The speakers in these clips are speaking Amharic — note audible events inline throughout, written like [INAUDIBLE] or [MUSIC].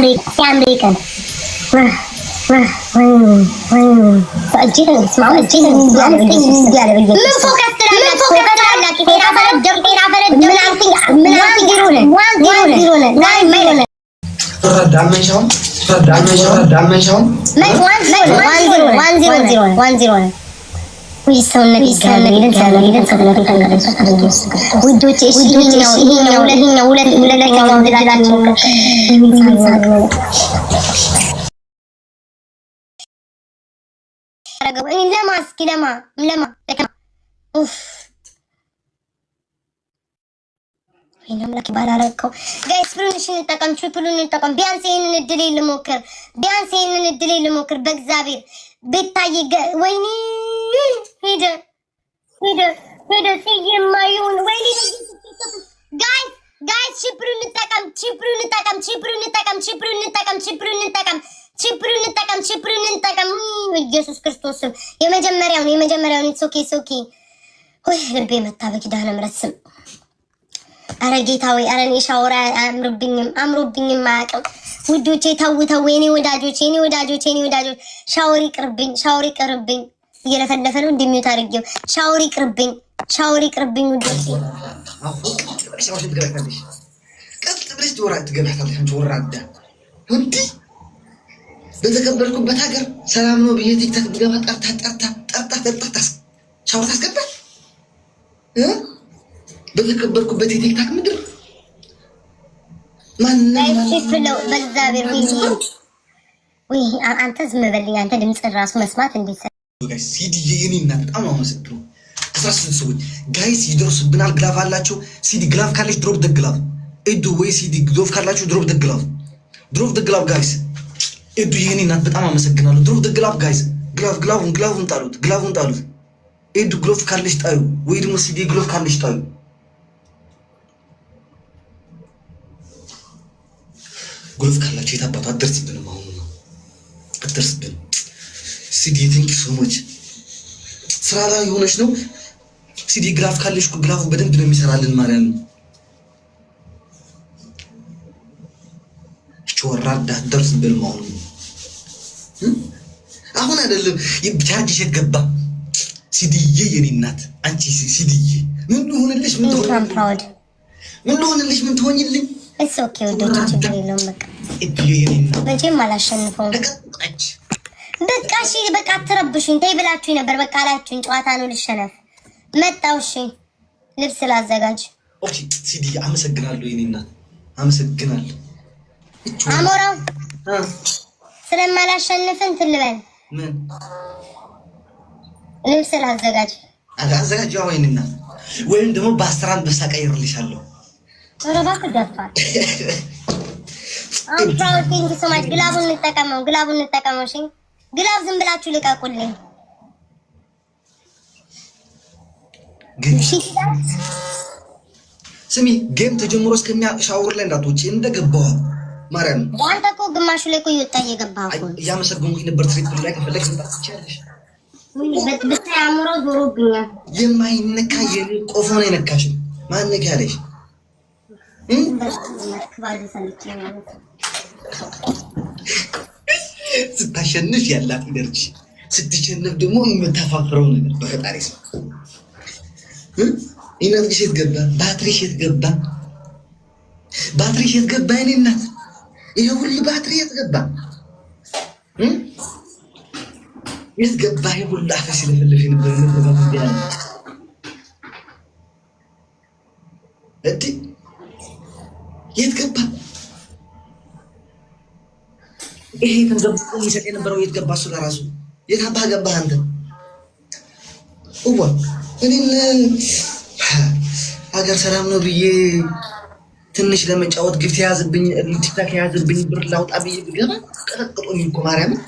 امريكان جيتني تسمعون جيتني تسمعون من فوق السلالة من فوق السلالة كثير عبر الدم كثير عبر الدم من عارفين من عارفين يديرونه وان يديرونه وان يديرونه رد على المنشأة رد على المنشأة رد على المنشأة 1 0 1 0 1 0 1 0 ውዶች ሁለተኛው ቢያንስ ይህንን እድል ልሞክር፣ ቢያንስ ይህንን እድል ልሞክር በእግዚአብሔር ቤታዬ ወይኔ ሄደ ሄደ ሄደ ሲል የማይሆን ወይኔ ጋይስ ጋይስ ቺፕሩ እንጠቀም ቺፕሩ እንጠቀም ቺፕሩ እንጠቀም ቺፕሩ እንጠቀም ቺፕሩ እንጠቀም ቺፕሩ እንጠቀም ቺፕሩ እንጠቀም ኢየሱስ ክርስቶስ ስም የመጀመሪያውን የመጀመሪያውን ኢትስ ኦኬ ወይ ልቤ መታ በኪዳነ ምሕረት ስም አረ ጌታ ወይ አረ እኔ ሻወራ አምሮብኝም አምሮብኝም አያውቅም ውዶቼ ተው ተው፣ የኔ ወዳጆች የኔ ወዳጆች የኔ ወዳጆች፣ ሻወር ይቅርብኝ፣ ሻወር ይቅርብኝ። እየለፈለፈ ነው እንደሚዩት አድርጌው፣ ሻወር ይቅርብኝ፣ ሻወር ይቅርብኝ። ውዶቼ በተቀበልኩበት ሀገር ሰላም ነው ብዬ ቲክታክ ብገባ ጠርታ ጠርታ ጠርታ ጠርታ ሻወር ታስገባል። በተቀበልኩበት የቲክታክ ምድር አንተ ዝም በልኝ። አንተ ራሱ መስማት እንዴት ሲድዬ የኔ እናት በጣም ነው አመሰግነው። አስራ ስንት ሰዎች ጋይስ ይደርሱብናል። ግላፍ አላቸው። ሲዲ ግላፍ ካለች ድሮፕ ወይ ሲዲ ካላችሁ ድሮፕ ድሮፕ ጋይስ። የኔ እናት በጣም አመሰግናለሁ። ድሮፕ ጋይስ። ግላፍ ግላፉን ግላፉን ጣሉት፣ ግላፉን ጣሉት። ካለች ጣዩ ወይ ደግሞ ሲዲ ካለች ጣዩ ጎልፍ ካላቸው የታባቱ አትደርስብንም። አሁኑ ነው አትደርስብን። ሲዲ ቴንክ ሶሞች ስራ ላይ የሆነች ነው። ሲዲ ግራፍ ካለሽ ግራፉ በደንብ ነው የሚሰራልን ማለት ነው። ወራዳ አትደርስብንም። አሁኑ ነው አሁን አይደለም ቻርጅ የገባ ሲዲዬ የኔ እናት አንቺ ሲዲዬ ምን ሆነልሽ? ምን ሆነልሽ? ምን ትሆኝልኝ እሱ ኦኬ ወዶች ችግር የለውም። በቃ መቼም አላሸንፈውም። በቃ እሺ፣ በቃ አትረብሹኝ። ተይ ብላችሁኝ ነበር። በቃ አላችሁኝ። ጨዋታ ነው፣ ልሸነፍ መጣሁ። እሺ፣ ልብስ ላዘጋጅ። ኦኬ፣ ሲዲ አመሰግናለሁ። የእኔ አመሰግናለሁ። አሞራው ስለማላሸንፍ እንትን ልበል፣ ልብስ ላዘጋጅ። አዘጋጅ ወይንና ወይም ደግሞ በአስር አንበሳ ቀይርልሻለሁ እባክህ ገፋል። ግላቡን እንጠቀመው፣ ግላቡን እንጠቀመው። እሺ ግላብ ዝም ብላችሁ ልቀቁልኝ። ስሚ ጌም ተጀምሮ እስከሚያ ሻወር ላይ እንዳትወጪ እንደገባው ማርያም አንተ እኮ ግማሹ ላይ እኮ እየገባ እያመሰገንኩኝ ነበር። ትሪፕል ላይ ብታይ አእምሮ ዞሮብኛል። የማይነካ ነው የነካሽ ማነካ ያለሽ ስታሸንፍ ያላት ኢነርጂ ስትሸንፍ ደግሞ የምታፋፍረው ነገር በፈጣሪ ሰው ኢነርጂ የት ገባ? ባትሪሽ የት ገባ? ባትሪሽ የት ገባ? የኔ እናት ይሄ ሁሉ ባትሪ የት ገባ? የት ገባ? ይሄ ሁሉ አፈ ሲለፈልፍ የነበረ ያለ ይሄ ገንዘብ የሚሰጥ የነበረው የት ገባ? እሱ ለራሱ የት አባህ ገባህ አንተ? እዋ እኔን ሀገር ሰላም ነው ብዬ ትንሽ ለመጫወት ግፍት የያዝብኝ ቲክታክ የያዝብኝ ብር ላውጣ ብዬ ብገባ ቀጠቅጦኝ እኮ ማርያምን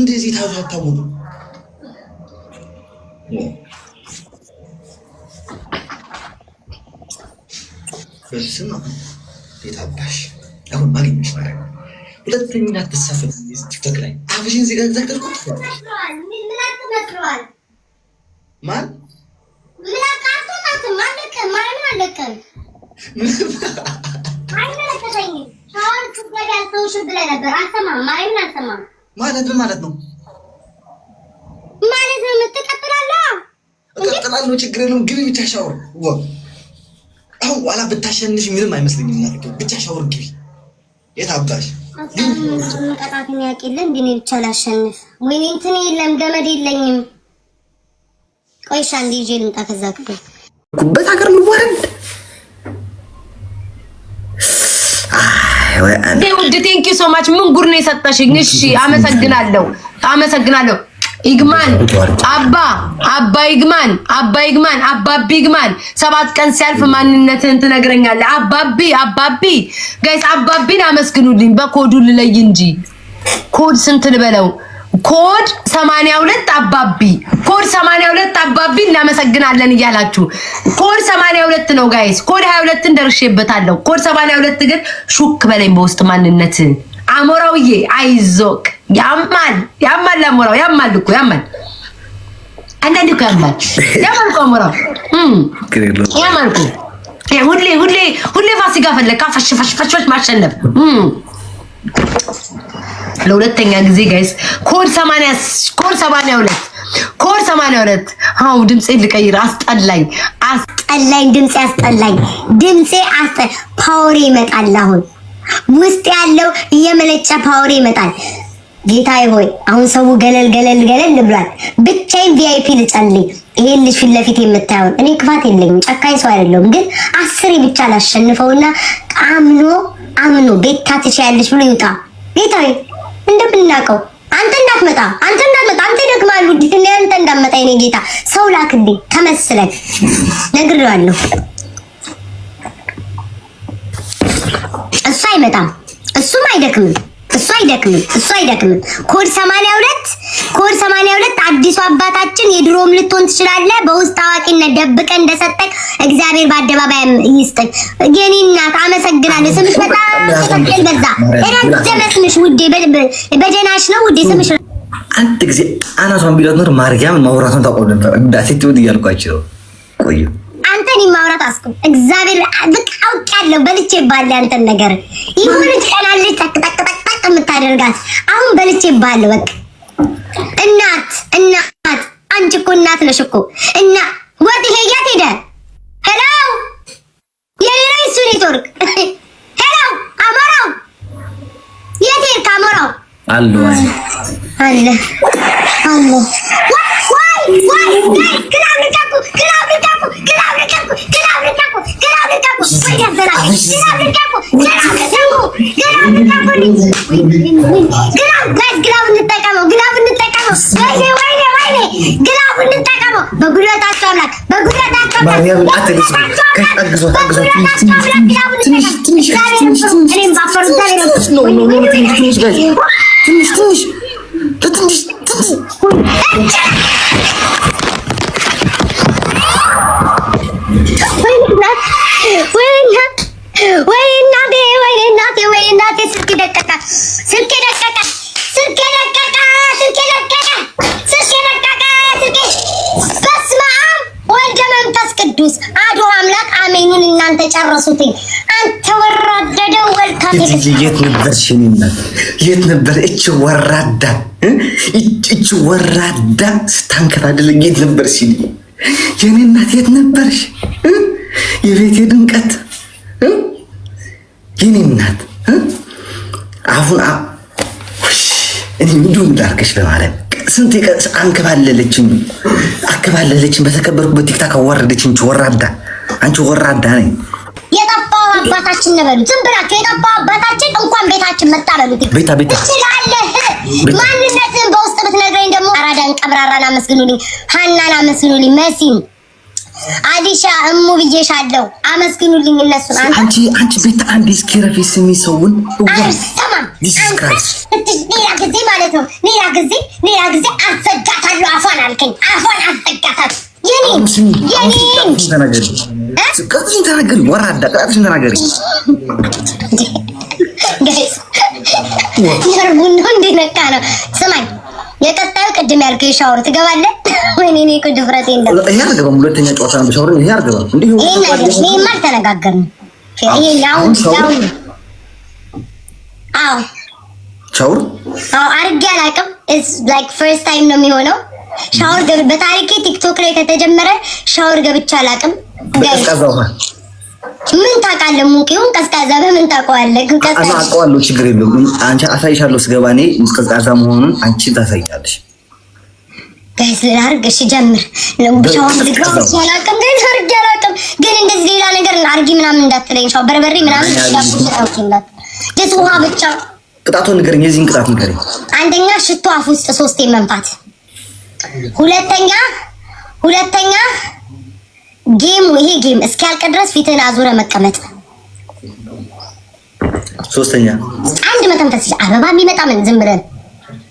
እንደዚህ ታቱ አታወቁ በስመ አብ ቤት አባሽ አሁን ማግኘሽ ማርያምን ሁለት ሚሊዮን አትሳፈት ቲክቶክ ላይ አፍሽን ዜጋ ተዘቀልኩ ማን ማለት ማለት ነው? ማለት ነው የምትቀጥላለህ? እቀጥላለሁ፣ ችግር የለውም። ግቢ ብቻ ሻወር አሁን ኋላ ብታሸንሽ ምንም አይመስለኝም። ብቻ ሻወር ግቢ የት አባሽ መቀጣትን ያውቅልን እንደ እኔ ብቻ ላሸንፍ። ወይኔ እንትን የለም ገመድ የለኝም። ቆይሻ እንደ ይዤ ልምጣ። ከዛ ክፍል ሀገር ውድ ቴንኪ ሶማች ምን ጉድ ነው የሰጠሽኝ? እሺ አመሰግናለሁ፣ አመሰግናለሁ። ኢግማን አባ አባ ይግማን አባ ይግማን አባቢ ይግማን ሰባት ቀን ሲያልፍ ማንነትህን ትነግረኛለህ። አባቢ አባቢ ጋይስ አባቢን አመስግኑልኝ። በኮዱ ልለይ እንጂ ኮድ ስንት ልበለው? ኮድ 82 አባቢ ኮድ 82 አባቢ እናመሰግናለን እያላችሁ ኮድ 82 ነው ጋይስ። ኮድ 22ን ደርሼበታለሁ። ኮድ 82 ግን ሹክ በለኝ በውስጥ ማንነትህን አሞራውዬ አይዞክ ያማል ያማል፣ አሞራው ያማል እኮ ያማል። አንዳንድ እኮ ያማል ያማል እኮ አሞራው ያማል እኮ ሁሌ ሁሌ ሁሌ ፋሲካ ፈለካ ፈሽ ፈሽ ፈሽ ማሸነፍ ለሁለተኛ ጊዜ ጋይስ ኮድ 80 ኮድ 82 ኮድ 82 አው ድምጼ ልቀይር። አስጠላኝ አስጠላኝ፣ ድምጼ አስጠላኝ፣ ድምጼ አስጠ ፓወር ይመጣል። አሁን ውስጥ ያለው እየመነጨ ፓወር ይመጣል። ጌታዬ ሆይ አሁን ሰው ገለል ገለል ገለል ብሏል። ብቻዬን ቪአይፒ ልጸልይ። ይሄን ልጅ ፊት ለፊት የምታየውን እኔ ክፋት የለኝም፣ ጨካኝ ሰው አይደለሁም። ግን አስሬ ብቻ ላሸንፈውና አምኖ አምኖ ቤታ ትችያለሽ ብሎ ይውጣ። ጌታዬ እንደምናውቀው አንተ እንዳትመጣ አንተ እንዳትመጣ አንተ ደግማሉ ድትኔ አንተ እንዳትመጣ የኔ ጌታ ሰው ላክልኝ ተመስለን ነግሬዋለሁ። እሱ አይመጣም፣ እሱም አይደክምም። እሱ አይደክምም፣ እሱ አይደክምም። ኮድ 82 ኮድ 82 አዲሱ አባታችን የድሮም ልትሆን ትችላለህ። በውስጥ አዋቂነት ደብቀ እንደሰጠቅ እግዚአብሔር በአደባባይ ይስጠኝ። የኔ እናት አመሰግናለሁ። ስምሽ በጣም በዛ ረዘመ ውዴ። በደናሽ ነው ውዴ ስምሽ። አንድ ጊዜ አናቷን ቢሏት ኖር ማርያምን ማውራቷን ታቆም ነበር። እንዳሴት ውድ እያልኳቸው ቆዩ አንተን የማውራት አስኩም እግዚአብሔር ብቅ አውቅ ያለው በልቼ ባለ አንተን ነገር ይሁን ቀናለች ጠቅጠቅ የምታደርጋት አሁን በልቼ ባል በቃ እናት እናት አንቺ እኮ እናት ነሽ እኮ እና ወጥ ይሄ የት ሄደ? ሄሎ የሌላ እሱ ኔትወርክ [LAUGHS] ሄሎ አሞራው የት ሄድክ አሞራው? አለ አለ አለ ግላብ እንጠቀመው ግላብ እንጠቀመው ግን አሁን እንጠቀመው። በጉልበታቸው አምላክ በጉልበታቸው ወይ እናቴ ወይ እናቴ ስልክ ደቀቀ፣ ስልክ ደቀቀ፣ ስልክ ደቀቀ ቅዱስ አዶ አምላክ አሜኑን እናንተ ጨረሱትኝ። አንተ ወራዳ ደወልካ የት ነበር ሽሚነት የት ነበር እች ወራዳ እች ወራዳ ስታንከታደል የት ነበር ሲ የኔ እናት የት ነበርሽ? የቤቴ ድምቀት የኔ እናት አሁን እኔ ምንዱ ላርገሽ በማለት ስንት አንከባለለችኝ አከባለለችኝ። በተከበርኩበት ቲክታክ አዋረደችኝ። ወራዳ አንቺ ወራዳ ነኝ። የጠፋው አባታችን ነበር። ዝም ብላችሁ የጠፋው አባታችን እንኳን ቤታችን መጣበሉ። ቤታ ቤታ ማንነትን በውስጥ ብትነግረኝ ደግሞ አራዳን ቀብራራን አመስግኑልኝ፣ ሀናን አመስግኑልኝ፣ መሲን አዲሻ እሙ ብዬሻለሁ። አመስግኑልኝ እነሱን። አንቺ አንቺ ቤት አንድ ስኪረፊ ስሚ ሰውን ሌላ ጊዜ ማለት ነው። ሌላ ጊዜ ሌላ ጊዜ አዘጋታለሁ። አፏን አልከኝ፣ አፏን አዘጋታለሁ። ተናገሪ ወራዳ ቅጣትሽን ተናገሪ። ነርቡ ነው። ስማኝ፣ የጠጣዩ ቅድም ያልከው የሻወር ትገባለህ እኔ ነው እኮ ድፍረቴ እንደው ይሄ አልገባም። ሁለተኛ ጨዋታ ነው ብቻ ወሬ ይሄ አልገባም። እንዲሁ ይሄ አልተነጋገርንም። ይሄ ያው ያው አው ሻወር አው አድርጌ አላውቅም። ኢትስ ላይክ ፈርስት ታይም ነው የሚሆነው። ሻወር ገብ በታሪኬ ቲክቶክ ላይ ከተጀመረ ሻወር ገብቼ አላውቅም። ምን ታውቃለህ? ሙቂውን ቀዝቃዛ በምን ታውቀዋለህ? ቀዝቃዛ አውቀዋለሁ፣ ችግር የለውም። አንቺ አሳይሻለሁ ስገባ እኔ ቀዝቃዛ መሆኑን አንቺ ታሳይቻለሽ። ጋይስ ሌላ አርግ እሺ፣ ጀምር። ብቻውን ልግራ አላውቅም ግን እንደዚህ ሌላ ነገር አርጊ ምናምን እንዳትለኝ፣ ሻው በርበሬ ምናምን ደስ ውሃ ብቻ። ቅጣቱን ንገረኝ፣ የዚህን ቅጣት ንገረኝ። አንደኛ ሽቶ አፍ ውስጥ ሶስቴ መንፋት፣ ሁለተኛ ሁለተኛ ጌም ይሄ ጌም እስኪያልቅ ድረስ ፊትህን አዙረ መቀመጥ፣ ሶስተኛ አንድ መተንፈስ አበባ የሚመጣ ምን ዝም ብለን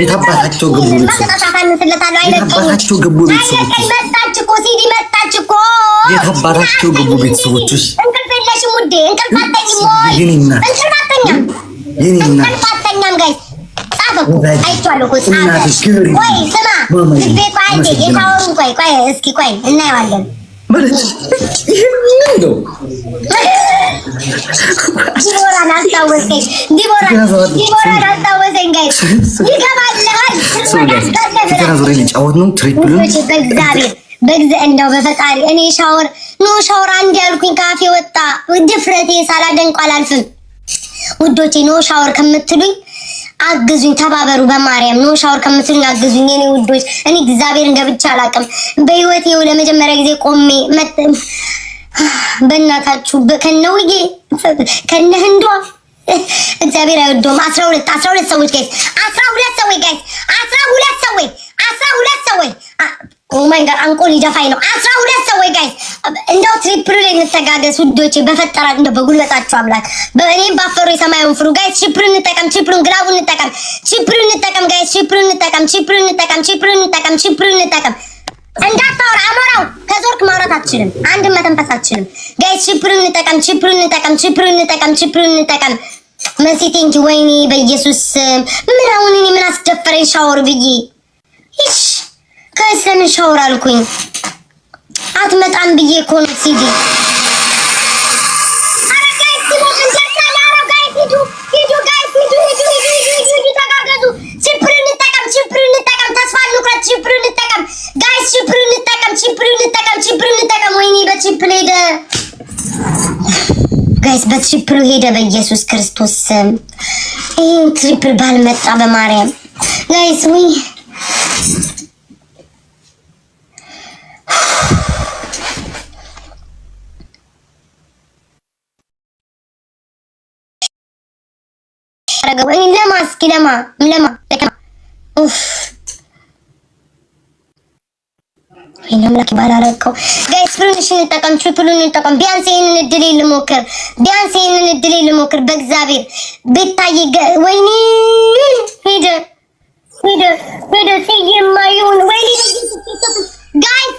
የታባታቸው ገቡ ቤተሰቦች የታባታቸው ገቡ ማለት ይሄ እንደው በፈጣሪ እኔ ሻወር ኖ ሻወር አንድ ያልኩኝ ካፌ ወጣ። ድፍረቴ ሳላደንቅ አላልፍም ውዶቼ። ኖ ሻወር ከምትሉኝ አግዙኝ፣ ተባበሩ። በማርያም ነው ሻወር ከምትሉኝ አግዙኝ እኔ ውዶች። እኔ እግዚአብሔር እንደብቻ አላቅም። በህይወት ይኸው ለመጀመሪያ ጊዜ ቆሜ በእናታችሁ ከነውዬ ከነ ህንዷ እግዚአብሔር አይወደውም። አስራ ሁለት አስራ ሁለት ሰዎች ጋይስ፣ አስራ ሁለት ሰዎች ጋይስ፣ አስራ ሁለት ሰዎች አስራ ሁለት ሰዎች ኦማይ ጋር አንቆ ሊደፋኝ ነው። አስራ ሁለት ወይ ጋይስ እንደው ትሪፕሉ ላይ እንተጋገዝ ውዶቼ፣ በፈጠራ እንደው በጉልበታችሁ አምላክ በእኔም ባፈሩ የሰማዩን ፍሩ ጋይስ። ትሪፕሉ እንጠቀም፣ ትሪፕሉ ግራቡ እንጠቀም፣ ትሪፕሉ እንጠቀም ጋይስ፣ ትሪፕሉ እንጠቀም፣ ትሪፕሉ እንጠቀም፣ ትሪፕሉ እንጠቀም፣ ትሪፕሉ እንጠቀም። እንዳታወራ አሞራው፣ ከዞርክ ማውራት አትችልም፣ አንድም መተንፈስ አትችልም ጋይስ። ትሪፕሉ እንጠቀም፣ ትሪፕሉ እንጠቀም፣ ትሪፕሉ እንጠቀም፣ ትሪፕሉ እንጠቀም። መሲ ቴንኪ። ወይኔ በኢየሱስ ምን አሁን እኔ ምን አስደፈረኝ ሻወር ብዬ እሺ ከሰን ሻወር አልኩኝ። አትመጣም ብዬ እኮ ነው ሲዲ ጋይስ በትሪፕሉ ሄደ። በኢየሱስ ክርስቶስ ስም ይህን ትሪፕል ባልመጣ በማርያም ጋይስ ወይ ለማ እስኪ ለማ ለማ ኡፍ ወይኔ አምላክ ባላረቀው። ጋይስ ብሩንሽን እንጠቀም፣ ትሪፕሉን እንጠቀም። ቢያንስ ይሄንን እድል ልሞክር፣ ቢያንስ ይሄንን እድል ልሞክር። በእግዚአብሔር ቤታዬ፣ ወይኔ ሄደ ሄደ ሄደ። ሲየማ ይሁን ወይኔ ጋይስ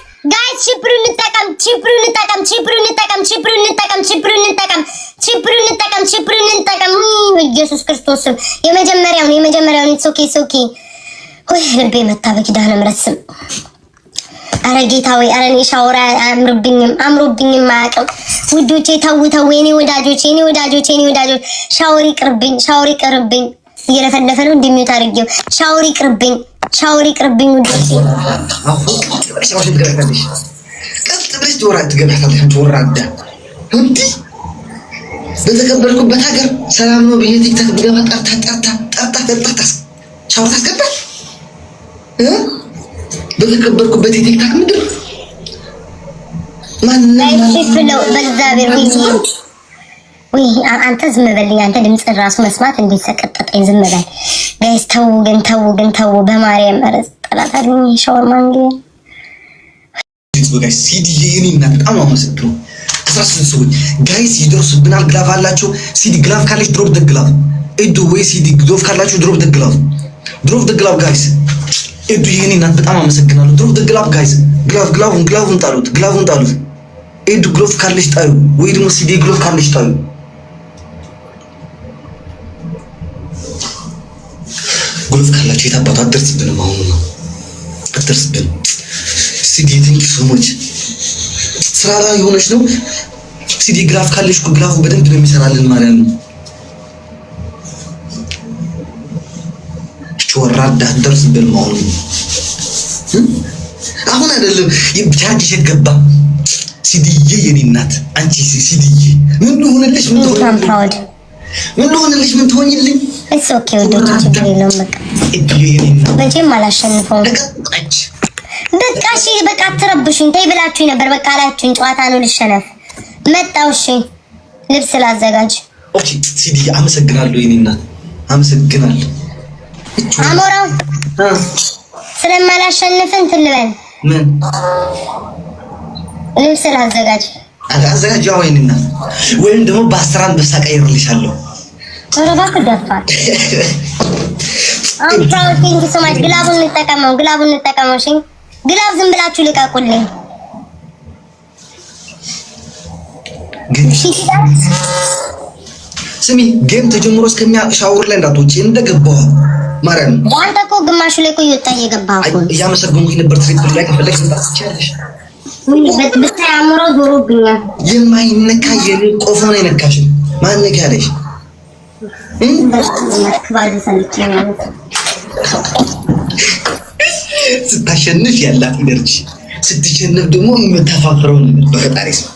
ቺፕሩ እንጠቀም ቺፕሩ እንጠቀም ቺፕሩ እንጠቀም ቺፕሩ እንጠቀም ቺፕሩ እንጠቀም ቺፕሩ እንጠቀም ቺፕሩ እንጠቀም። ኢየሱስ ክርስቶስ ስም የመጀመሪያውን የመጀመሪያውን ኢትስ ኦኬ ኢትስ ኦኬ። ወይ ልቤ መታ በኪዳነ ምሕረት ስም። አረ ጌታ ወይ አረ እኔ ሻወራ አምሮብኝም አምሮብኝም አያውቅም። ውዶቼ ተው ተው፣ የኔ ወዳጆች የኔ ወዳጆች የኔ ወዳጆች ሻወሪ ቅርብኝ ሻወሪ ቅርብኝ። እየለፈለፈ ነው አድርጌው ሻወሪ ቅርብኝ ሻወር ይቅርብኝ። ቀጥ ብለሽ ጆራ ትገባታለሽ። ጆራ አዳ እንዲህ በተቀበልኩበት ሀገር ሰላም ነው ብዬ ቲክታክ ብገባ ጠርታ ጠርታ ጠርታ ጠርታ ሻወር ታስገባል። በተቀበልኩበት የቲክታክ ምድር ማንነው በእግዚአብሔር ወይ አንተ ዝም በልኝ። አንተ ድምፅን ራሱ መስማት እንዴት ሰቀጠጠኝ። ዝም በል ጋይስ ተው ግን ተው ግን ተው በማርያም መረዝ ጠላት አድርኝ። ሻወርማ እንግዲህ በጣም አመሰግኑ። ተሳስን ሰዎች ጋይስ ይደርሱብናል። ግላፍ አላቸው። ሲዲ ግላፍ ካለች ድሮፕ ደግላፍ እዱ ወይ ሲዲ ግዶፍ ካላችሁ ድሮፕ ደግላፍ ድሮፕ ደግላፍ ጋይስ እዱ ይህን እናት በጣም አመሰግናለሁ። ድሮፕ ደግላፍ ጋይስ ግላፍ ግላፉን ግላፉን ጣሉት፣ ግላፉን ጣሉት። እዱ ግሎፍ ካለሽ ጣዩ ወይ ደግሞ ሲዲ ግሎፍ ካለሽ ጣዩ ጉልፍ ካላችሁ የታባቱ አትደርስብንም። አሁኑ ነው አትደርስብን። ሲዲ ቲንክ ሶሞች ስራ ላይ የሆነች ነው። ሲዲ ግራፍ ካለች ግራፉ በደንብ ነው የሚሰራልን ማለት ነው። ወራዳ አትደርስብንም። አሁኑ አሁን አይደለም ቻርጅ ገባ። ሲዲዬ የኔ እናት አንቺ ሲዲዬ ምን ሆነልሽ? ምን ምን ልሆንልሽ? ምን ትሆኝልኝ? እሱ ኦኬ ወደቱ ችግር የለውም። በቃ መቼም አላሸንፈውም። በቃ እሺ፣ በቃ አትረብሹኝ። ተይ ብላችሁኝ ነበር። በቃ አላችሁኝ። ጨዋታ ነው፣ ልሸነፍ መጣሁ። እሺ፣ ልብስ ላዘጋጅ። ኦኬ፣ ሲዲ አመሰግናለሁ። የኔ እናት አመሰግናለሁ። አሞራው ስለማላሸንፍ እንትን ልበል። ምን ልብስ ላዘጋጅ አዘጋጅ። ወይኔ እናት ወይም ደግሞ በአስራ አንድ በሳቃ እባክህ ደፋል። አሁን ታው ቲንክ ሶ ማች ግላቡን እንጠቀመው፣ ግላቡን እንጠቀመው። እሺ ግላብ ዝም ብላችሁ ልቀቁልኝ። ስሚ ጌም ተጀምሮ እስከሚያ ሻወር ላይ እንዳትወጪ እንደገባ ማርያም። አንተ እኮ ግማሹ ላይ እኮ እየወጣ እየገባህ እኮ ነበር። ትሪፕል ላይ ከፈለግ እንጣት ትችያለሽ። የማይነካ የኔ ቆፎ ነው ማነካ ያለሽ ስታሸንፍ ያላት ኢነርጂ ስትሸንፍ ደግሞ የምታፋፍረው ነገር በፈጣሪ ሰው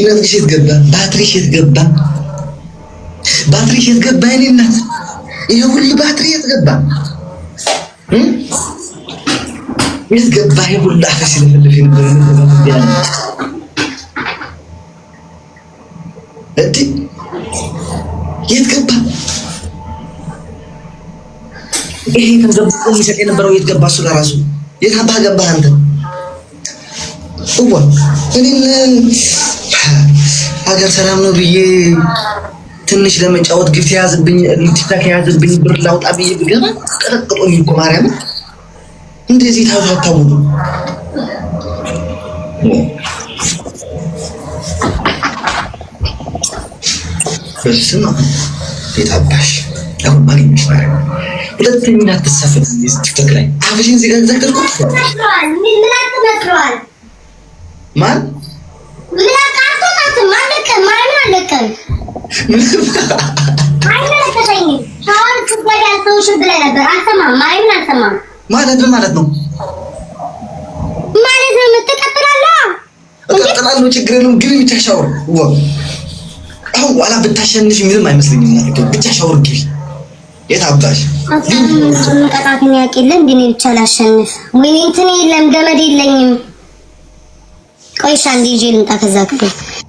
ኢነርጂሽ የት ገባ? ባትሪ የት ገባ? ባትሪ የት ገባ? የኔ እናት ይሄ ሁሉ ባትሪ የት ገባ? የት ገባ? ይሄ ሁሉ አፈ ይለፈልፍ ነበር ያለ እዲ የት ገባ? ይሄ ገንዘብ የሚሰጥ የነበረው የት ገባ? እሱ ለራሱ የት አባ ገባህ አንተ? እዋ እኔን ሀገር ሰላም ነው ብዬ ትንሽ ለመጫወት ግፍት የያዝብኝ ቲክታክ የያዝብኝ ብር ላውጣ ብዬ ብገባ ቀጠቅጦኝ እኮ ማርያም፣ እንደዚህ ታታታሙ በስመ አብ ቤት አባሽ አሁን ማግኘሽ ማለት ነው። ሁለት ቲክቶክ ላይ አብሽን እዚህ ጋር ዘቀልኩት ማን ማለት ማለት ነው ማለት ነው የምትቀጥላለህ? እቀጥላለሁ። ችግር የለውም። ግቢ ብቻ ሻወር አሁን በኋላ ብታሸንፍ ምንም አይመስለኝም። ብቻ ሻወር ግቢ። የት አባሽ መቀጣትን ያውቅልን እንደ ብቻ ላሸንፍ። ወይኔ እንትን የለም ገመድ የለኝም። ቆይ ይዤ ልምጣ ከዛ ክፍል